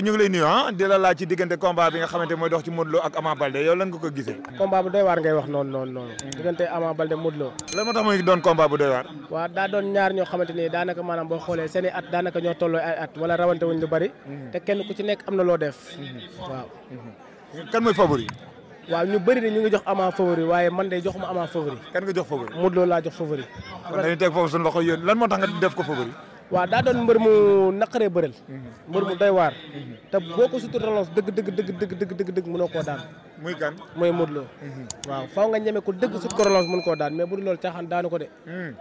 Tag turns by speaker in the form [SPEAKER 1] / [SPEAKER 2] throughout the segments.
[SPEAKER 1] ñu ngi lay nuyu ah di la laaj ci diggante combat bi nga xamante mooy dox ci Modou Lo ak Ama Balde yow lan nga ko gisee.
[SPEAKER 2] combat bu doy waar ngay wax noonu noonu noonu. diggante Ama Balde Modou Lo. lu bari. na loo def. waaw. kan mooy jox ama waaye man de joxuma ama favori. kan nga jox favori. Modou Lo laa jox favori. kon dañuy teg foofu suñu loxo yéen lan moo tax nga def ko favori waaw daa doon mbër mu naqaree bëral mhm. mbër mu doy waar mhm. te boo ko suturaloon dëgg dëgg dëgg dëgg dëgg dëgg dëgg mënoo koo daan muy kan mooy Modou Lo mhm. waaw faaw nga ñeme ko dëgg sut korolonge mën koo daan mais bu dul loolu caaxaan daanu ko de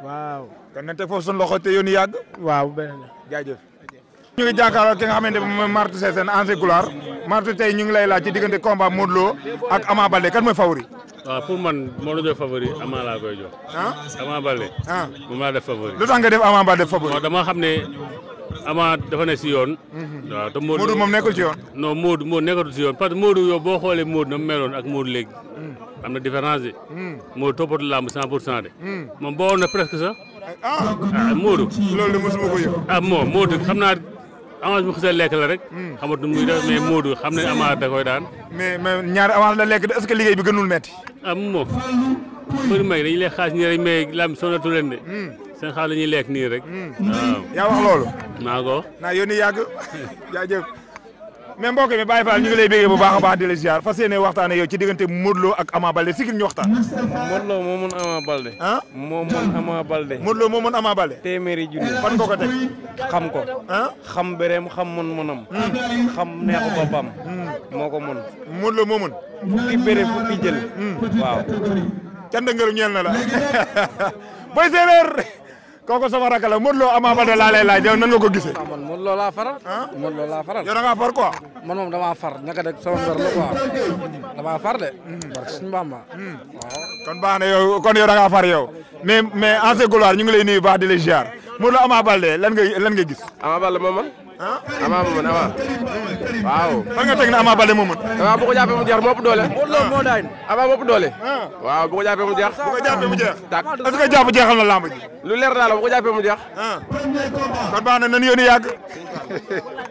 [SPEAKER 2] waaw kon nañ teg foofu suñu loxo te yoonu yàgg waaw beneen jaajëf ñu ngi jàkkaarloo ki nga xamante ne mooy Martou
[SPEAKER 1] Sessène ancien gloire ñu ngi lay laaj ci diggante combat Modou ak Ama kan mooy favori waaw pour man moo la jox favori Ama laa koy jox. ah Ama Baldé. ah moom laa def favori. lu tax nga def Ama Baldé def favori. dama xam ne Ama dafa si yoon. Mhm. waaw te Modou Modou moom nekkul ci yoon. non Modou Modou nekkatul si yoon parce que Modou yow boo xoolee Modou na mu meloon ak Modou léegi. Mm. am na différence de. Mm. Modou toppatoo làmb 100 pour cent de. Mm. moom boo woon na presque sax. ah ah Modou. loolu de mosuma ko yëg. ah moom Modou xam naa. avance bu daan. mais mais ñaari avance la lekk est-ce que liggéey bi gënul metti am moo për may dañuy lekk xaalis nii rek mais lam sonatu leen de hmm. seen xaalis la lekk nii rek hmm. waaw yaa wax loolu maa ko naa yónni yàgg jaajëf mais mbokk mi Baye Fall ñu ngi lay bégee bu baax a baax di la ziar fas yéene waxtaanee yow ci diggante Modou Lo ak Ama Balde sigil ñu waxtaan. a Lo moo mën Ama Balde. ah moo mën Ama fan ko teg. xam ko. ah xam bëreem xam mën-mënam. xam neexu boppam. Hmm. moo ko mën. Modou Lo moo mën. fukki bëre fukki jël. Hmm. waaw. cant ngërëm ñeel na la. Boy Séeréer. kooku sama rakk la Modou Lo Ama Baldé laa lay laaj yow nan nga ko gisee. waaw ah, man laa faral. Ah? Modou Lo laa faral. yow da ngaa far
[SPEAKER 2] quoi. man de hmm.
[SPEAKER 1] kon baax na kon yow da ngaa far yow mais mais en ce gloire ñu ngi lay nuyu baax di la ziar Modou Lo Ama Baldé lan nga gis.
[SPEAKER 2] Ama Baldé moom man. ah Ama moo mën Ama
[SPEAKER 1] waaw. fan nga teg ne Ama Baldé moo mën. Ama bu ko jàppee mu jeex moo ëpp doole. moo daan Ama moo ah. bu ko jàppee mu jeex. bu ko jàppee mu jeex. tak est-ce que jàpp lu leer daal bu ko jàppee mu
[SPEAKER 2] ah.
[SPEAKER 1] na nan yónni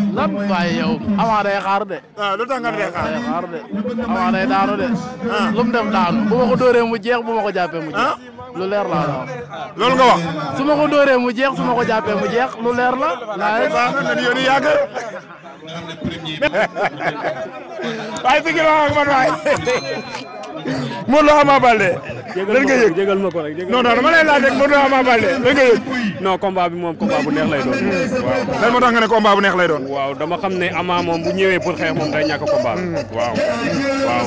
[SPEAKER 2] lan waaye yow amaa de. waaw ah, lu de. amaa day daanu de. Ah. lu mu def daanu bu ma ko dóoree mu jeex bu ma ko ah? lu leer laa ko dóoree mu jeex su ma mu
[SPEAKER 1] jeex lan nga yëg jégal
[SPEAKER 2] ma ko rek non non dama lay laaj rek Modou Lo Ama Baldé lan nga
[SPEAKER 1] yëg bi moom combat bu neex lay doon waaw lan moo tax nga ne combat bu neex lay doon waaw dama xam ne Ama moom bu ñëwee pour xeex moom day ñàkk combat waaw waaw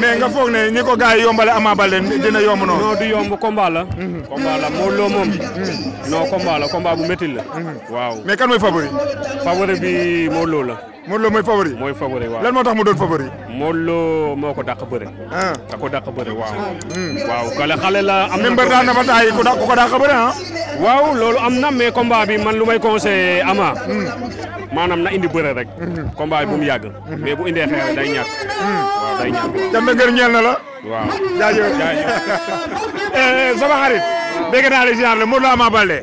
[SPEAKER 1] mais nga foog ne ni ko gars yi amaa Ama Baldé dina yomb noonu non du yomb combat la mm-hmm. combat la Modou Lo mm-hmm. la bu métti la mm-hmm. waaw mais kan mooy favori favori bi Modou la Modou Lo mooy favori. mooy favori waaw lan tax mu doon favori. Modou Lo moo ko dàq bëre. Ah. da ko dàq bëre waaw. Ah. Mm. waaw kale xale la am na. mbër daan na ba taay ku ko dàq bëre ah. waaw loolu am na mais combat bi man lu may conseillé Ama. Mm. maanaam na indi bëre rek. Mm-hmm. combat bi bu mu yàgg. Mm-hmm. mais bu a xeex day ñàkk. Mm. waaw day ñàkk. jàmm ngeen ñeel na la. waaw jaajëf jaajëf. Eh, a xarit. dégg naa la ziar la Modou Lo Ama Baldé.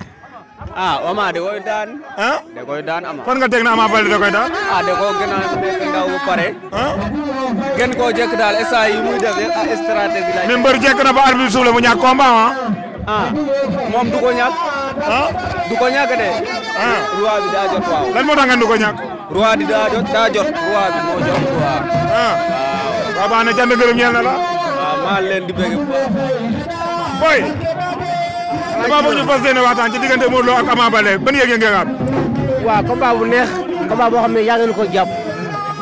[SPEAKER 2] ah Oma da koy daan. ah da koy daan Ama. fan nga teg na Ama Baldé da koy daan. ah da koo gën a nekk ndaw ba pare. ah
[SPEAKER 1] gën koo jekk daal instant yi muy def yëpp
[SPEAKER 2] ah stratégie la. mais mbër
[SPEAKER 1] jekk na ba arbitre suuf mu ñàkk combat ah. ah moom du ko ñàkk. ah du ko ñàkk de. ah roi bi daa jot waaw. lan moo tax ngeen du ko ñàkk. roi bi daa jot daa jot. roi bi moo jot waaw. ah waaw baax na jant gërëm ñeel na la. waaw maa leen di bëgg. boy.
[SPEAKER 2] combat boobu ñu fas yéene waxtaan ci diggante Modou Lo ak Ama Baldé ban yëg ngeen am. waaw neex combat boo xam ne yaa ngeen ko jàpp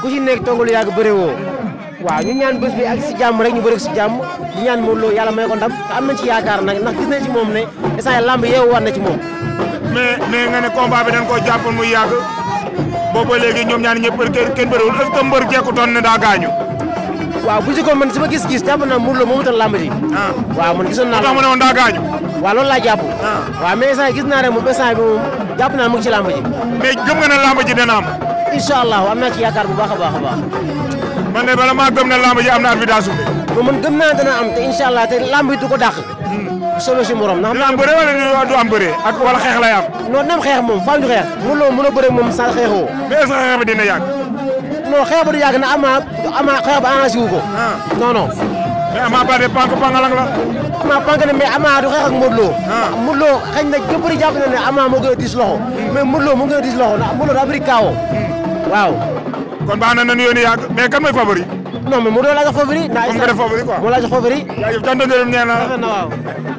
[SPEAKER 2] ku ci nekk toogalu yàgg bëree woo waaw ñu ñaan bés bi ak si jàmm rek ñu bëri si jàmm di ñaan Modou Lo yàlla may ko ndam te am ci yaakaar nag ndax gis nañ ci moom ne instant lamb yeewu war na ci moom. mais mais nga ne combat bi dañ koo jàppoon muy yàgg boobu ba léegi ñoom ñaan ñëpp kenn bëriwul est-ce que mbër jekkutoon ne daa gaañu waaw bu njëkkoon man sama gis-gis jàpp naa Modou Lo moo wutal làmb ji. Ah. waaw man gisoon naa. tax ma ne woon daa gaañu. waaw loolu ah. gis naa rek moom instant bi moom jàpp naa mu ngi ci làmb ji. mais gëm nga ne làmb ji dina am. am naa ci yaakaar bu baax a baax a baax. man de bala maa gëm ne làmb ji am na at bi daa suuf. ba man gëm naa dana am te incha allah te làmb yi du ko hmm. si morom ndax. am bëree wala du am bëree ak xeex lay am. non dina xeex moom faaw ñu xeex. mënuloo a non xeebu du yàgg na ama ama xeebu arrangé wu ko. Ah. non non. mais ama Baldé pank pangalang la. ama pank ne mais ama du xeex ak Modou Lo. Ah. Modou Lo xëy na ñu bëri na ne ama moo gën a diis loxo. mais Modou Lo moo gën a diis loxo ndax Modou Lo daa bëri waaw. kon baax na nañu yónni yàgg mais kan mooy favori. non mais Modou Lo laa jox favori. naa jox favori